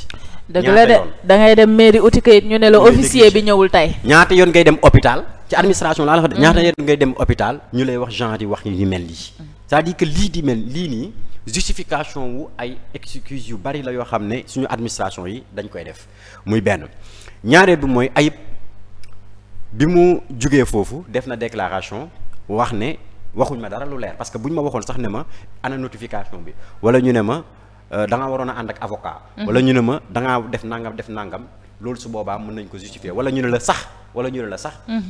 dëgg la de
da ngay dem mairie uti kayit ñu ne la officier bi ñëwul tey.
ñaata yoon ngay dem hôpital ci administration laa la fa de. Mm. ngay dem hôpital ñu lay wax genre yi wax yu mel lii. Mm. c'est-à-dire que lii di mel lii justification wu ay excuse yu bari la yoo xam ne suñu administration yi dañ koy def muy benn ñaareel bi mooy ayib bi mu jugee foofu def na déclaration wax ne waxuñ ma dara lu leer parce que bu ñu ma waxoon sax ne ma anna notification bi wala ñu ne ma euh, da waroon a ànd ak avocat. Mhm. wala ñu ne ma da ngaa def nangam def nangam loolu su boobaa mun nañ ko justifier wala ñu ne la sax wala ñu ne la sax. Mhm.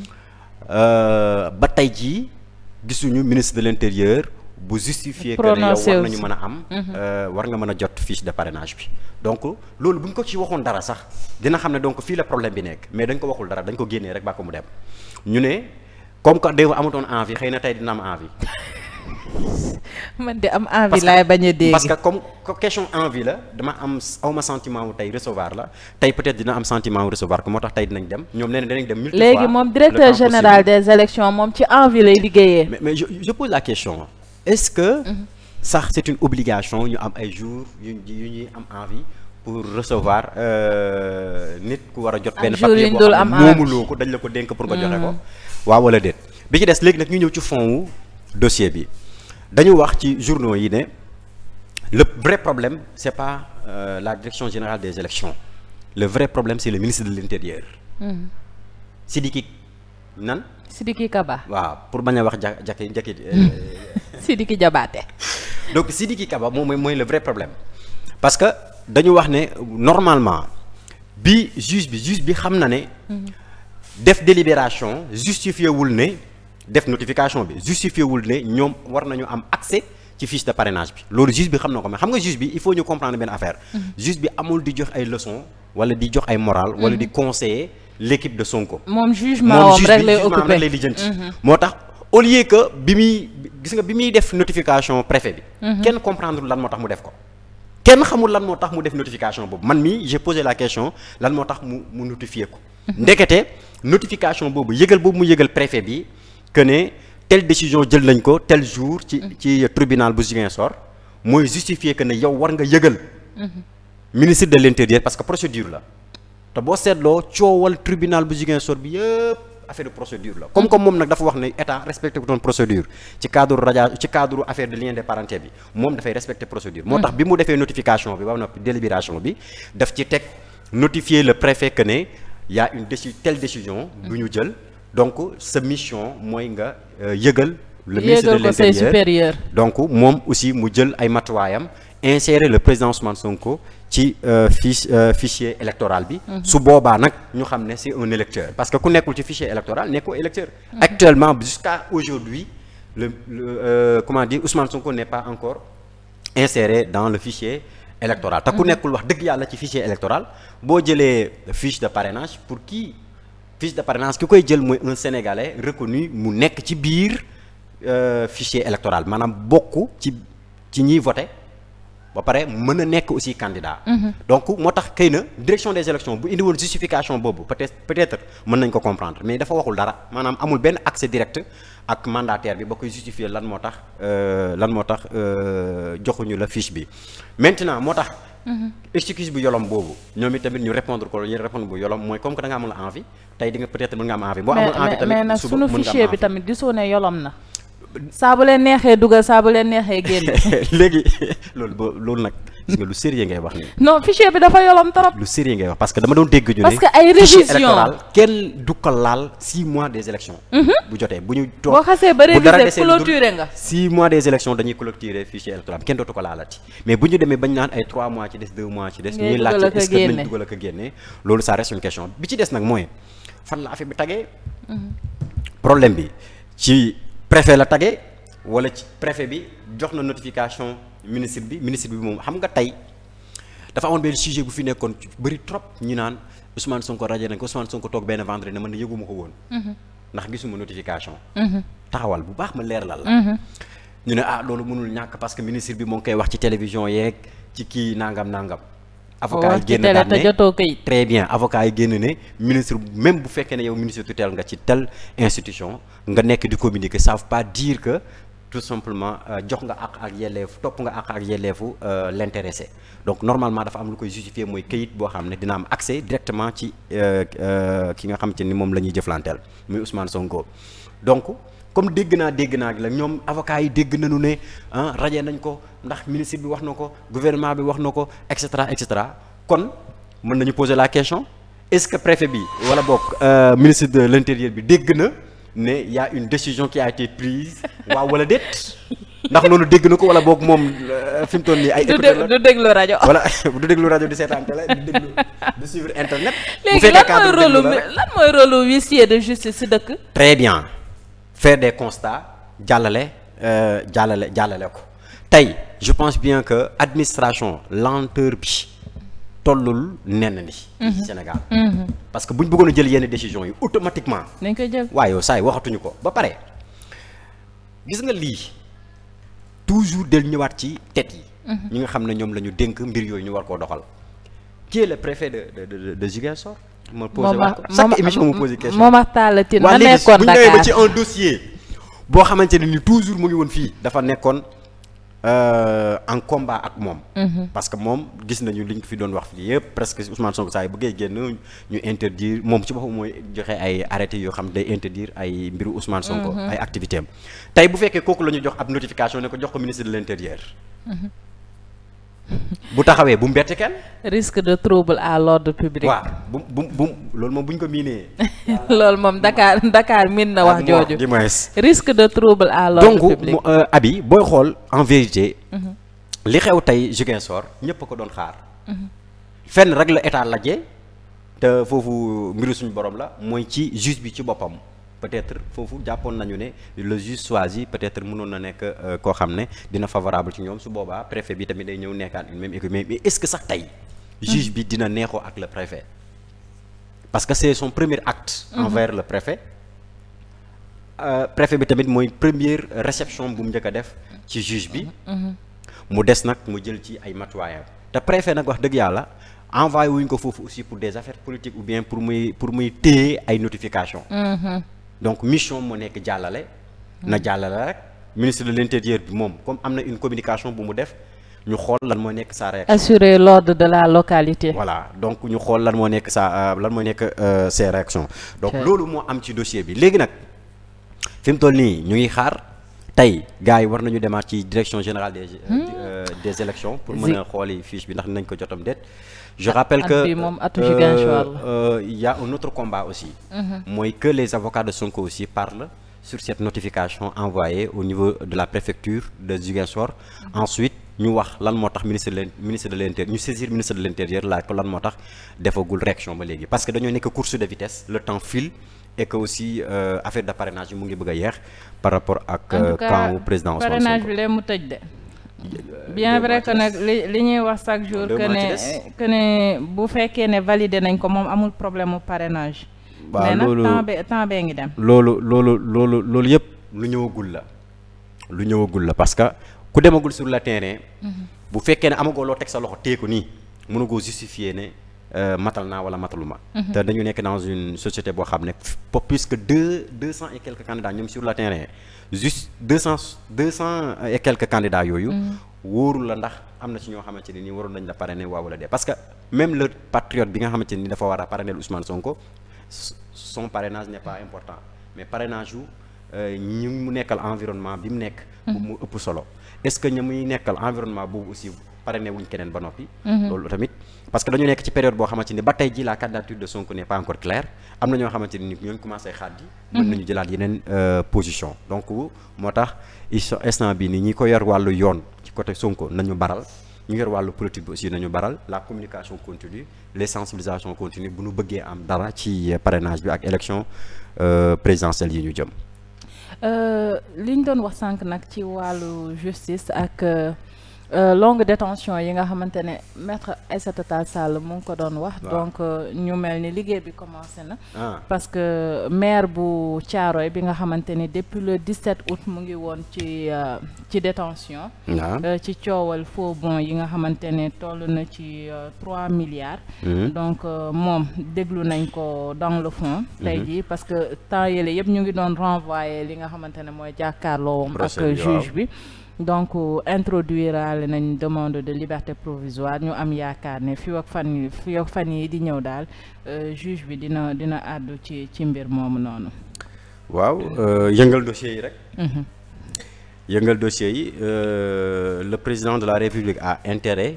Euh, ba tey ci gisuñu ministre de l'intérieur. bu justifier que ne yow mën a am. Mhm. Euh, war nga mën a jot fiche de parrainage bi. donc loolu bu ko ci waxoon dara sax dina xam ne donc fii la problème bi nekk mais dañ ko waxul dara dañ ko génnee rek ba ko mu dem ñu ne comme que démb amatoon envie xëy na tey dina am envie.
man de am envie laay bañ a dégg parce que
comme question envie la dama am awma sentiment wu tey recevoir la tey peut-être dina am sentiment wu recevoir ko moo tax tey dinañ dem ñoom nee na dinañ dem. léegi moom directeur général
moom ci envie liggéeyee.
mais mais la question. est-ce que mhm. sax c'est une obligation ñu am ay jours yu yu ñuy am envie pour recevoir euh, nit ku war a jot benn papier boo xam ne moomuloo ko dañ la ko dénk pour nga joxe ko mhm. waaw wala déet bi ci des léegi nag ñu ñëw ci fond wu dossier bi dañu wax ci journaux yi ne le vrai problème c'est pas euh, la direction générale des élections le vrai problème c'est le ministre de l'intérieur mhm. Sidiki nan.
Sidiki Kaba.
waaw pour bañ a wax ja jaki jaki.
Euh, ki Jabaate.
donc Sidiki Kaba moom mooy le vrai problème parce que dañu wax ne normalement bi juge bi juge bi xam na ne. Mhm. def délibération justifié wul ne def notification bi justifié wul ne ñoom war nañu am accès ci fiche de parrainage bi loolu juge bi xam na ko mais xam nga juge bi il faut ñu comprendre benn affaire. Mhm. juge bi amul di jox ay leçons wala di jox ay morale wala di mhm. conseiller. l'équipe de Sonko. moom jugement am rek lay occupé lay mhm. moo tax au lieu que bi muy gis nga bi muy def notification préfet bi. Mhm. kenn comprendre lan moo tax mu def ko. kenn xamul lan moo tax mu def notification boobu man mii j'ai posé la question lan moo tax mu mu notifié ko. Mhm. ndekete notification boobu yëgal boobu mu yëgal préfet bi que ne telle décision jël nañ ko tel jour. ci ci tribinal bu Ziguinchor mooy justifier que ne yow war nga yëgal. ministre de l'intérieur parce que procédure la. te boo seetloo coowal tribunal bu Ziguinchor bi yëpp affaire de procédure la comme comme moom nag dafa wax ne état respecté ko doon procédure ci cadre raja ci cadre affaire de lien de parenté bi moom dafay respecté procédure moo tax bi mu defee notification bi ba noppi délibération bi daf ci teg notifier le préfet que ne y a une déci telle décision bu ñu jël donc sa mission mooy nga euh, yëgal le ministre de l'intérieur donc moom aussi mu jël ay matuwaayam insérer le président Ousmane Sonko ci euh, fiche euh, fichier électoral bi. Mhm. su boobaa nag ñu xam ne c'est un électeur parce que ku nekkul ci fichier électoral nekkoo électeur. Mhm. actuellement jusqu'à aujourd'hui le, le euh, comment dire Ousmane Sonko ne pas encore inséré dans le fichier. électoral te ku mhm. nekkul wax dëgg yàlla ci fichier électoral boo jëlee fiche de parrainage pour kii fiche de parrainage ki koy jël mooy un sénégalais reconnu mu nekk ci biir fichier électoral maanaam bokk ci ci ñiy voté ba pare mën a nekk aussi candidat. Mhm. donc moo tax xëy na direction des élections bu indi woon justification boobu peut-être peut-être mën nañ ko comprendre mais dafa waxul dara maanaam amul benn accès direct ak mandataire bi ba koy justifier lan moo tax euh, lan moo tax euh, joxuñu la fiche bi maintenant moo tax. Mhm. excuse bu yolom boobu ñoom itamit ñu répondre ko ñu répondre bu yolom mooy comme que da nga amul envie tey di nga mën nga am envie. boo amul envie
tamit saa bu leen neexee dugal saa leen neexee génn.
léegi loolu ba loolu nag. gis lu sérieux ngay wax nii.
no fichier bi dafa yolom trop.
lu sérieux ngay wax parce que dama doon dégg ñu ne. parce ay révision kenn mhm. bu jotee bu ñu toog boo xasee ba réviser clôturer nga. six mois des élections dañuy clôturer fichier électoral kenn dootu ko bu ñu demee bañ naan dugal ak génne loolu ça reste question bi ci des nag mooy fan la affaire bi tagee mhm. problème bi ci. préfet la tagee wala ci préfet bi jox na notification ministre bi ministre bi moom xam nga tey dafa amoon benn sujet bu fi nekkoon ci bëri trop ñu naan Ousmane Sonko rajo nañ ko Ousmane Sonko toog benn vendredi ne man yëguma ko woon. Mhm. ndax gisuma notification. Mhm. taxawal bu baax ma leeralal la. Mhm. ñu ne ah loolu mënul ñàkk parce que ministre bi moo ngi koy wax ci télévision yeeg ci kii nangam nangam. avocat oh, yi génn daal ne très bien avocat yi génn ne ministre même bu fekkee ne yow ministre tutelle nga ci telle institution nga nekk di communiquer ça veut pas diir que tout simplement euh, jox nga àq ak yelleef topp nga àq ak yelleefu euh, l'intéressé donc normalement dafa am lu koy justifier mooy kayit boo xam ne dina am accès directement ci euh, ki nga xam te ni moom la ñuy jëflanteel muy Ousmane Sonko donc. comme dégg naa dégg naa la ñoom avocat yi dégg nañu ne ah raje nañ ko ndax ministre bi wax na ko gouvernement bi wax na ko et cetera et cetera kon mën nañu poser la question est-ce que préfet bi wala boog euh, ministre de l'intérieur bi dégg na ne y une décision qui a été waaw wala déet ndax loolu dégg na ko wala boog moom euh, fi mu toll nii ay écouteur du
déglu rajo voilà
du déglu rajo di seetaan télé du déglu
du suivre internet léegi lan mooy rôle lan mooy de justice si dëkk
faire des constats jàllale euh, jàllale jàllale ko tey je pense bien que administration lenteur bi tollul nenn ni mhm. Sénégal mhm. parce que bu ñu bëggoon jël yenn décision yi automatiquement
dañ koy
jël
waaye yow saa waxatuñu ko ba pare gis nga lii toujours del ñëwaat ci tête yi mhm. ñi nga xam ne ñoom la ñu dénk mbir yooyu ñu war koo doxal qui est le préfet de de de de Ziguinchor ma posé waat ko chaque émission ma posé question Momar Talla Tine ma nekkoon Dakar waaw léegi boo xamante ne ni toujours mu ngi woon fii dafa nekkoon euh, en combat ak moom. Mhm. parce que moom gis nañu liñ ko fi doon wax fii yëpp presque Ousmane Sonko saa yu bëggee génn ñu interdire moom ci boppam mooy joxe ay arrêté yoo xam day interdire ay mbiru Ousmane Sonko. Mhm. ay activité am tey bu fekkee kooku la ñu jox ab notification ne ko jox ko ministre de l' bu taxawee bu mu bett kenn. risque de trouble à l'ordre public. waaw bu bu bu loolu moom bu ñu ko miinee.
loolu moom ndakaar ndakaar miin na wax ah, jooju. risque de trouble à l'ordre public donc
euh, abi booy xool en vérité. Mhm. li xew tey Ziguinchor ñëpp a ko doon xaar. Mhm. fenn rek la état lajjee te foofu mbiru suñu borom la mooy ci juge bi ci boppam. peut-être foofu jàppoon nañu ne le juge choisi peut-être mënoon na nekk euh, koo xam ne dina favorable ci ñoom su boobaa préfet bi tamit day ñëw nekkaat une même équipe mais est-ce que sax tey juge bi dina neexoo ak le préfet parce que c'est son premier acte mhm. envers le préfet euh, préfet bi tamit mooy première réception bu mu njëkk a def ci juge bi mhm. mu des nag mu jël ci ay matuwaayam te préfet nag wax dëgg yàlla envoyé wuñ ko foofu aussi pour des affaires politiques ou bien pour muy pour muy téye ay notification mhm. donc mission moo nekk jàllale. na jàllale rek ministre de l'intérieur bi moom comme am na une communication bu mu def ñu xool lan moo nekk sa réaction. assurer l'ordre de la
localité.
voilà donc ñu xool lan moo nekk sa euh, lan moo nekk euh, ses réactions. donc loolu moo am ci dossier bi léegi nag fi toll nii ñu ngi xaar. tey gars yi war nañu demaat ci direction générale des. Euh, hmm? euh, des élections pour mën a xooli fiche bi ndax nañ ko jotam déet. je rappelle que il euh, y a un autre combat aussi. Mm-hmm. mooy que les avocats de Sonko aussi parlent sur cette notification envoyée au niveau de la préfecture de Ziguinchor. Mm-hmm. ensuite ñu wax lan moo tax ministre de l'intérieur ñu saisir ministre de l'intérieur laaj ko lan moo tax defagul réaction ba léegi parce que dañoo nekk course de vitesse le temps et que aussi euh, affaire de parrainage bi mu ngi bëgg a yeex par rapport ak. Euh, camp président Ousmane Sonko parrainage
bi lee mu tëj de. bien vrai que nag li li ñuy wax chaque jour. que ne que ne bu fekkee ne validé nañ ko moom amul problème mu parrainage. waaw loolu mais nag temps bee ngi dem.
loolu loolu loolu loolu yëpp lu ñëwagul la. lu ñëwagul la parce que ku demagul sur le terrain. Mhm. bu fekkee ne amagoo loo teg sa loxo teeku nii mënugoo justifier ne. Euh, matal naa wala mataluma. Mhm. te dañu nekk dans une société boo xam ne pas plus que deux deux cent et quelques candidats ñoom sur le terrain juste deux cent deux cent et quelques candidats yooyu. Mhm. wóorul la ndax am na ci ñoo xamante ni nii waroon nañ la parrainer waaw wala dee parce que même le patriote bi nga xamante ne nii dafa war a parrainer Ousmane Sonko son parrainage n'est pas important mais parrainage yu euh, ñi mu nekkal environnement bi mu nekk. bu mhm. mu ëpp solo est-ce que ña muy nekkal parrainé wuñ keneen ba noppi. Mhm. loolu tamit parce que dañu nekk ci période boo xamante ni ba tey ji la candidature de Sonko n'est pas encore claire am na ñoo xamante ni ñooñu commencé xaat yi mhm. mën nañu jëlaat yeneen euh, position donc moo tax instant bi ni ñu ko yor wàllu yoon ci côté Sonko nañu baral ñu yor wàllu politique bi aussi nañu baral la communication continue les sensibilisations continues bu ñu bëggee am dara ci euh, parrainage bi ak élection euh, présidentielle yi ñu jëm.
li ñu doon wax sànq nag ci wàllu justice ak. Euh, longue détention yi nga xamante ne maître Aïssata Tall mu ngi ko doon wax donc euh, ñu mel ni liggéey bi commencé na ah. parce que maire bu Thiaroye bi nga xamante ni depuis le 17 août mu ngi woon ci euh, ci détention ah. ci coowal faux bond yi nga xamante ne toll na ci trois milliards mm-hmm. donc moom déglu nañ ko dans le fond mm-hmm. tey jii parce que temps yële yëpp ñu ngi doon renvoyé li nga xamante ne mooy jàkkaarloo woon ak juge bi donc euh, introduiraale nañ demande de liberté provisoire ñu am yaakaar ne fii fan yi fii fan yi di ñëw daal euh, juge bi dina dina àddu ci ci mbir moomu noonu.
waaw euh, yëngal dossier yi rek. Mhm. yëngal dossier yi le président de la République a intéret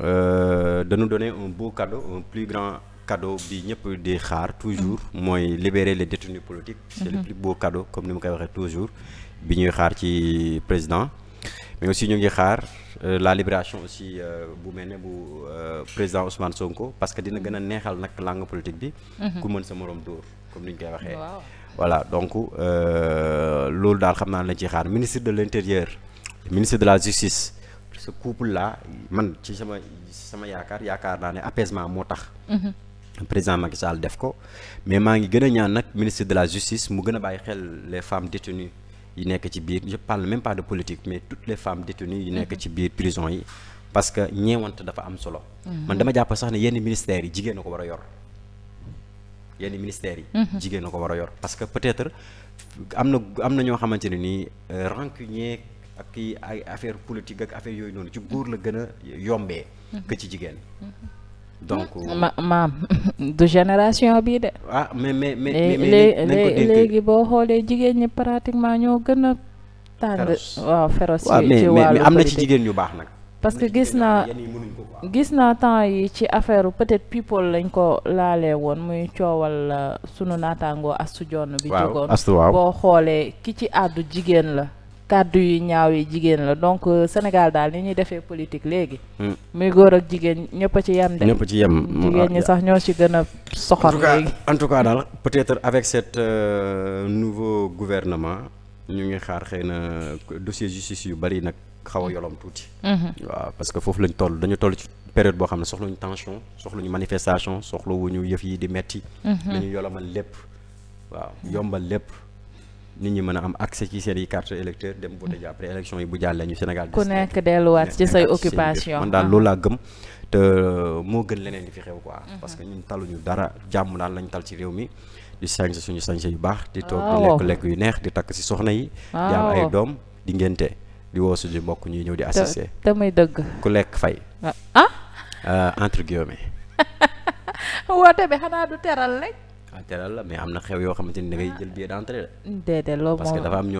euh, de nous un beau cadeau un plus grand cadeau bi ñëpp di xaar toujours mhm. mooy libérer les détenus politiques. c'est le mhm. plus beau cadeau comme ni ma koy waxee toujours. bi ñuy xaar ci président mais aussi ñu ngi xaar euh, la libération aussi euh, bu mel ne bu euh, président Ousmane Sonko parce que dina gën a neexal nag langue politique bi. Mhm. ku mën sa morom dóor comme ni ñu koy waxee. voilà donc loolu daal xam naa lañ ciy xaar ministre de l' intérieur ministre de la justice. ce couple la man ci sama sama yaakaar yaakaar naa ne apaisement moo tax. Mhm. président Macky Sall def ko mais maa ngi gën a ñaan nag ministre de la justice mu gën a bàyyi xel les femmes yi nekk ci biir je pas de politique mais toutes les femmes détenues yi nekk mhm. ci biir prison yi parce que ñeewante dafa am solo mhm. man dama jàpp sax ne yenn ministères yi jigéen na ko war a yor yenn ministères yi mhm. jigéen na ko war a yor être am na am na ñoo xamante ne nii euh, rancunier ak kii ay affaire politique ak affaire yooyu noonu ci góor la gën a yombee que jigéen donc ma
maam du génération bii de. Ah, mais mais mais léegi boo xoolee jigéen ñi pratiquement ñoo gën a. tàng waaw féroce ci wàllu am na ci jigéen ñu baax nag. parce que gis naa gis naa temps yi ci affaire peut-être people lañ ko laalee woon muy coowal euh, sunu naataangoo astu jonn bi jugoon boo xoolee ki ci àddu jigéen la. kàddu yu ñaaw yi jigéen la donc euh, Sénégal daal ni ñuy defee politique léegi. Hmm. muy góor ak jigéen ñëpp a ci yem de. ñëpp
ci yem jigéen ñi ah,
sax ñoo ci gën a soxor léegi.
en tout cas daal peut-être avec cet euh, nouveau gouvernement ñu ngi xaar xëy na dossier justice yu bari nag xaw a yolom tuuti. Mm-hmm. waaw parce que foofu lañ toll dañu toll ci période boo xam ne soxluñu tension soxluñu manifestation ñu yëf yi di metti. Mm-hmm. dañu yolomal lépp waaw yombal lépp. nit ñi mën a am accès ci seen i carte électeur dem voté ji après élection yi bu jàllee ñu Sénégal ku
nekk delluwaat ci say occupation man daal loolu
gëm ah. te euh, moo gën leneen li fi xew quoi mm-hmm. parce que ñu ñun ñu dara jàmm daal lañ tal ci réew mi di sañse suñu sañse yu baax di toog di oh. lekk yu neex di takk si soxna yi di ay oh. doom di ngénte di woo suñu mbokk ñuy ñëw di assister te may dëgg ku lekk fay ah euh, entre guillemets
woote bi xanaa du teral rek
teral la mais am na xew yoo xamante ni da ah, jël billet d'entrée
la. loolu
moom